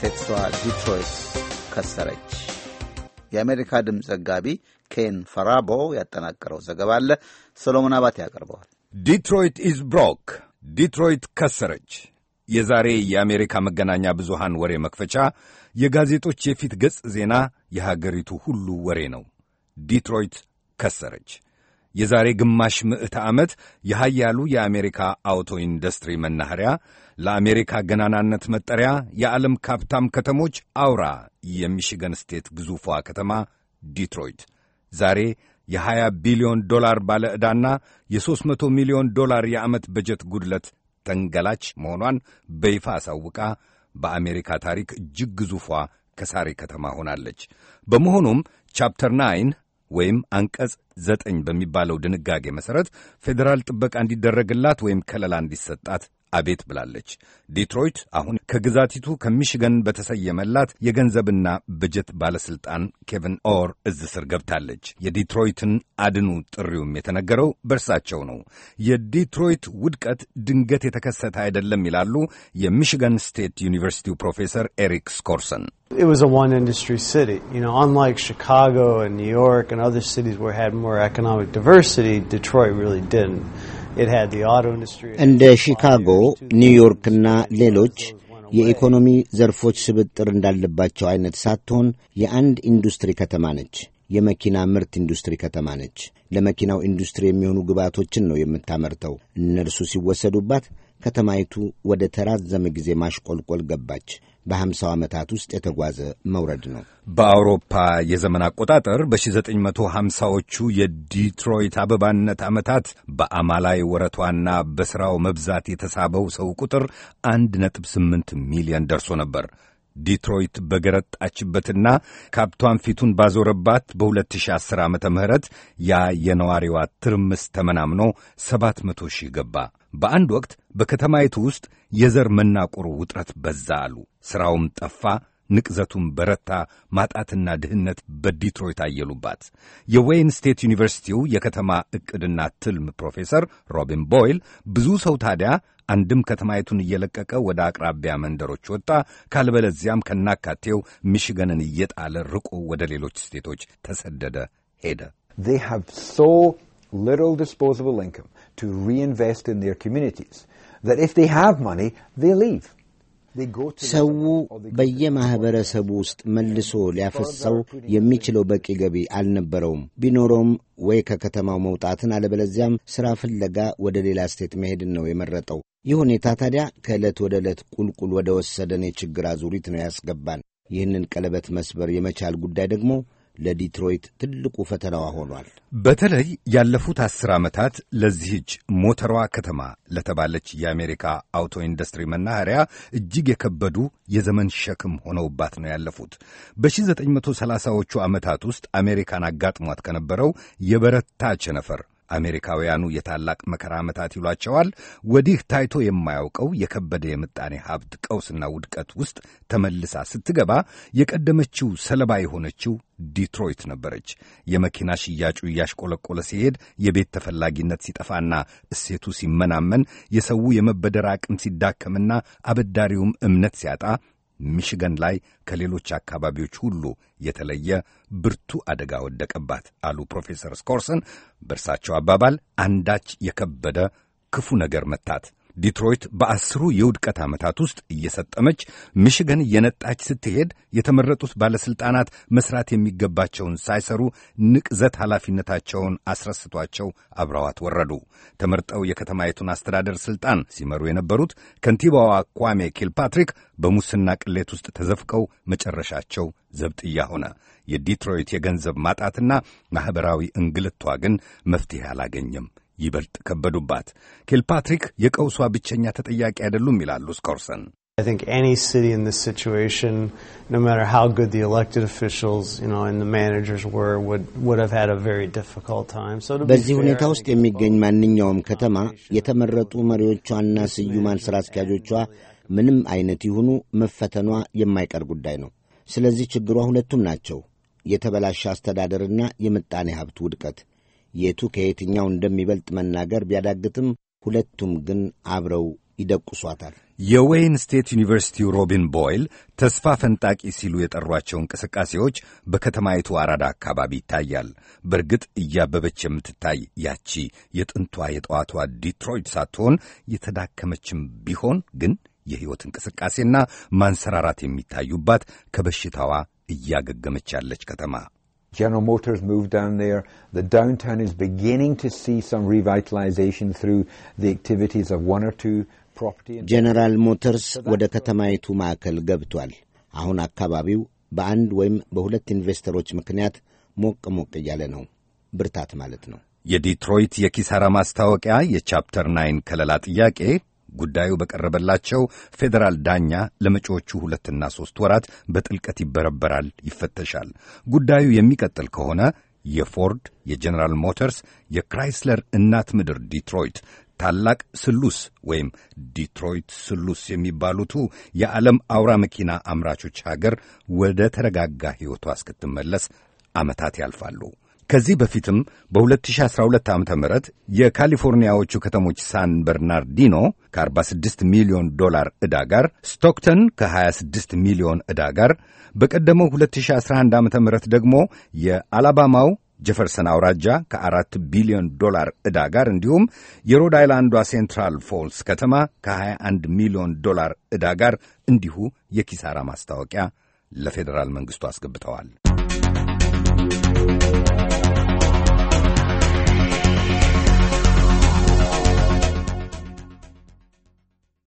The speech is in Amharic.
ስቴትሷ ዲትሮይት ከሰረች። የአሜሪካ ድምፅ ዘጋቢ ኬን ፈራቦ ያጠናቀረው ዘገባ አለ። ሰሎሞን አባቴ ያቀርበዋል። ዲትሮይት ኢዝ ብሮክ፣ ዲትሮይት ከሰረች። የዛሬ የአሜሪካ መገናኛ ብዙሃን ወሬ መክፈቻ የጋዜጦች የፊት ገጽ ዜና የሀገሪቱ ሁሉ ወሬ ነው። ዲትሮይት ከሰረች። የዛሬ ግማሽ ምዕተ ዓመት የሃያሉ የአሜሪካ አውቶ ኢንዱስትሪ መናኸሪያ ለአሜሪካ ገናናነት መጠሪያ የዓለም ካፕታም ከተሞች አውራ የሚሽገን ስቴት ግዙፏ ከተማ ዲትሮይት ዛሬ የ20 ቢሊዮን ዶላር ባለ ዕዳና የ300 ሚሊዮን ዶላር የዓመት በጀት ጉድለት ተንገላች መሆኗን በይፋ አሳውቃ በአሜሪካ ታሪክ እጅግ ግዙፏ ከሳሪ ከተማ ሆናለች። በመሆኑም ቻፕተር ናይን ወይም አንቀጽ ዘጠኝ በሚባለው ድንጋጌ መሠረት ፌዴራል ጥበቃ እንዲደረግላት ወይም ከለላ እንዲሰጣት አቤት ብላለች። ዲትሮይት አሁን ከግዛቲቱ ከሚሽገን በተሰየመላት የገንዘብና በጀት ባለሥልጣን ኬቪን ኦር እዝ ስር ገብታለች። የዲትሮይትን አድኑ ጥሪውም የተነገረው በእርሳቸው ነው። የዲትሮይት ውድቀት ድንገት የተከሰተ አይደለም ይላሉ የሚሽገን ስቴት ዩኒቨርሲቲው ፕሮፌሰር ኤሪክ ስኮርሰን። It was a one industry city. You know, unlike Chicago and New York and other cities where it had more economic diversity, Detroit really didn't. እንደ ሺካጎ፣ ኒውዮርክና ሌሎች የኢኮኖሚ ዘርፎች ስብጥር እንዳለባቸው አይነት ሳትሆን የአንድ ኢንዱስትሪ ከተማ ነች። የመኪና ምርት ኢንዱስትሪ ከተማ ነች። ለመኪናው ኢንዱስትሪ የሚሆኑ ግብዓቶችን ነው የምታመርተው። እነርሱ ሲወሰዱባት ከተማይቱ ወደ ተራዘመ ጊዜ ማሽቆልቆል ገባች። ዓመታት ውስጥ የተጓዘ መውረድ ነው። በአውሮፓ የዘመን አቆጣጠር በ1950ዎቹ የዲትሮይት አበባነት ዓመታት በአማላይ ወረቷና በሥራው መብዛት የተሳበው ሰው ቁጥር 1.8 ሚሊዮን ደርሶ ነበር። ዲትሮይት በገረጣችበትና ካብቷን ፊቱን ባዞረባት በ2010 ዓ ም ያ የነዋሪዋ ትርምስ ተመናምኖ 700 ሺህ ገባ። በአንድ ወቅት በከተማይቱ ውስጥ የዘር መናቁር ውጥረት በዛ አሉ። ሥራውም ጠፋ፣ ንቅዘቱም በረታ። ማጣትና ድህነት በዲትሮይት አየሉባት። የዌይን ስቴት ዩኒቨርሲቲው የከተማ ዕቅድና ትልም ፕሮፌሰር ሮቢን ቦይል ብዙ ሰው ታዲያ አንድም ከተማይቱን እየለቀቀ ወደ አቅራቢያ መንደሮች ወጣ፣ ካልበለዚያም ከናካቴው ሚሽገንን እየጣለ ርቆ ወደ ሌሎች ስቴቶች ተሰደደ ሄደ። little disposable income to reinvest in their communities, that if they have money, they leave. ሰው በየማህበረሰቡ ውስጥ መልሶ ሊያፈሰው የሚችለው በቂ ገቢ አልነበረውም። ቢኖረውም ወይ ከከተማው መውጣትን አለበለዚያም ሥራ ፍለጋ ወደ ሌላ ስቴት መሄድን ነው የመረጠው። ይህ ሁኔታ ታዲያ ከዕለት ወደ ዕለት ቁልቁል ወደ ወሰደን የችግር አዙሪት ነው ያስገባን። ይህንን ቀለበት መስበር የመቻል ጉዳይ ደግሞ ለዲትሮይት ትልቁ ፈተናዋ ሆኗል። በተለይ ያለፉት አስር ዓመታት ለዚህች ሞተሯ ከተማ ለተባለች የአሜሪካ አውቶ ኢንዱስትሪ መናኸሪያ እጅግ የከበዱ የዘመን ሸክም ሆነውባት ነው ያለፉት። በ1930ዎቹ ዓመታት ውስጥ አሜሪካን አጋጥሟት ከነበረው የበረታ ቸነፈር አሜሪካውያኑ የታላቅ መከራ ዓመታት ይሏቸዋል። ወዲህ ታይቶ የማያውቀው የከበደ የምጣኔ ሀብት ቀውስና ውድቀት ውስጥ ተመልሳ ስትገባ የቀደመችው ሰለባ የሆነችው ዲትሮይት ነበረች። የመኪና ሽያጩ እያሽቆለቆለ ሲሄድ፣ የቤት ተፈላጊነት ሲጠፋና እሴቱ ሲመናመን፣ የሰው የመበደር አቅም ሲዳከምና አበዳሪውም እምነት ሲያጣ ሚሽገን ላይ ከሌሎች አካባቢዎች ሁሉ የተለየ ብርቱ አደጋ ወደቀባት አሉ ፕሮፌሰር ስኮርሰን። በእርሳቸው አባባል አንዳች የከበደ ክፉ ነገር መታት። ዲትሮይት በአስሩ የውድቀት ዓመታት ውስጥ እየሰጠመች ሚሽገን እየነጣች ስትሄድ የተመረጡት ባለሥልጣናት መሥራት የሚገባቸውን ሳይሰሩ ንቅዘት ኃላፊነታቸውን አስረስቷቸው አብረዋት ወረዱ። ተመርጠው የከተማይቱን አስተዳደር ሥልጣን ሲመሩ የነበሩት ከንቲባዋ ኳሜ ኪልፓትሪክ በሙስና ቅሌት ውስጥ ተዘፍቀው መጨረሻቸው ዘብጥያ ሆነ። የዲትሮይት የገንዘብ ማጣትና ማኅበራዊ እንግልቷ ግን መፍትሄ አላገኘም። ይበልጥ ከበዱባት። ኪልፓትሪክ የቀውሷ ብቸኛ ተጠያቂ አይደሉም ይላሉ ስኮርሰን። በዚህ ሁኔታ ውስጥ የሚገኝ ማንኛውም ከተማ የተመረጡ መሪዎቿና ስዩማን ስራ አስኪያጆቿ ምንም አይነት ይሁኑ መፈተኗ የማይቀር ጉዳይ ነው። ስለዚህ ችግሯ ሁለቱም ናቸው፣ የተበላሸ አስተዳደርና የምጣኔ ሀብት ውድቀት። የቱ ከየትኛው እንደሚበልጥ መናገር ቢያዳግትም ሁለቱም ግን አብረው ይደቁሷታል። የዌይን ስቴት ዩኒቨርሲቲው ሮቢን ቦይል ተስፋ ፈንጣቂ ሲሉ የጠሯቸው እንቅስቃሴዎች በከተማይቱ አራዳ አካባቢ ይታያል። በእርግጥ እያበበች የምትታይ ያቺ የጥንቷ የጠዋቷ ዲትሮይት ሳትሆን የተዳከመችም ቢሆን ግን የሕይወት እንቅስቃሴና ማንሰራራት የሚታዩባት ከበሽታዋ እያገገመች ያለች ከተማ General Motors moved down there. The downtown is beginning to see some revitalization through the activities of one or two property. General Motors ወደ ከተማይቱ ማዕከል ገብቷል። አሁን አካባቢው በአንድ ወይም በሁለት ኢንቨስተሮች ምክንያት ሞቅ ሞቅ እያለ ነው። ብርታት ማለት ነው። የዲትሮይት የኪሳራ ማስታወቂያ የቻፕተር ናይን ከለላ ጥያቄ ጉዳዩ በቀረበላቸው ፌዴራል ዳኛ ለመጪዎቹ ሁለትና ሦስት ወራት በጥልቀት ይበረበራል፣ ይፈተሻል። ጉዳዩ የሚቀጥል ከሆነ የፎርድ፣ የጀነራል ሞተርስ፣ የክራይስለር እናት ምድር ዲትሮይት፣ ታላቅ ስሉስ ወይም ዲትሮይት ስሉስ የሚባሉቱ የዓለም አውራ መኪና አምራቾች ሀገር ወደ ተረጋጋ ሕይወቷ እስክትመለስ ዓመታት ያልፋሉ። ከዚህ በፊትም በ2012 ዓ ም የካሊፎርኒያዎቹ ከተሞች ሳን በርናርዲኖ ከ46 ሚሊዮን ዶላር ዕዳ ጋር፣ ስቶክተን ከ26 ሚሊዮን ዕዳ ጋር፣ በቀደመው 2011 ዓ ም ደግሞ የአላባማው ጀፈርሰን አውራጃ ከ ከ4 ቢሊዮን ዶላር ዕዳ ጋር እንዲሁም የሮድ አይላንዷ ሴንትራል ፎልስ ከተማ ከ21 ሚሊዮን ዶላር ዕዳ ጋር እንዲሁ የኪሳራ ማስታወቂያ ለፌዴራል መንግሥቱ አስገብተዋል።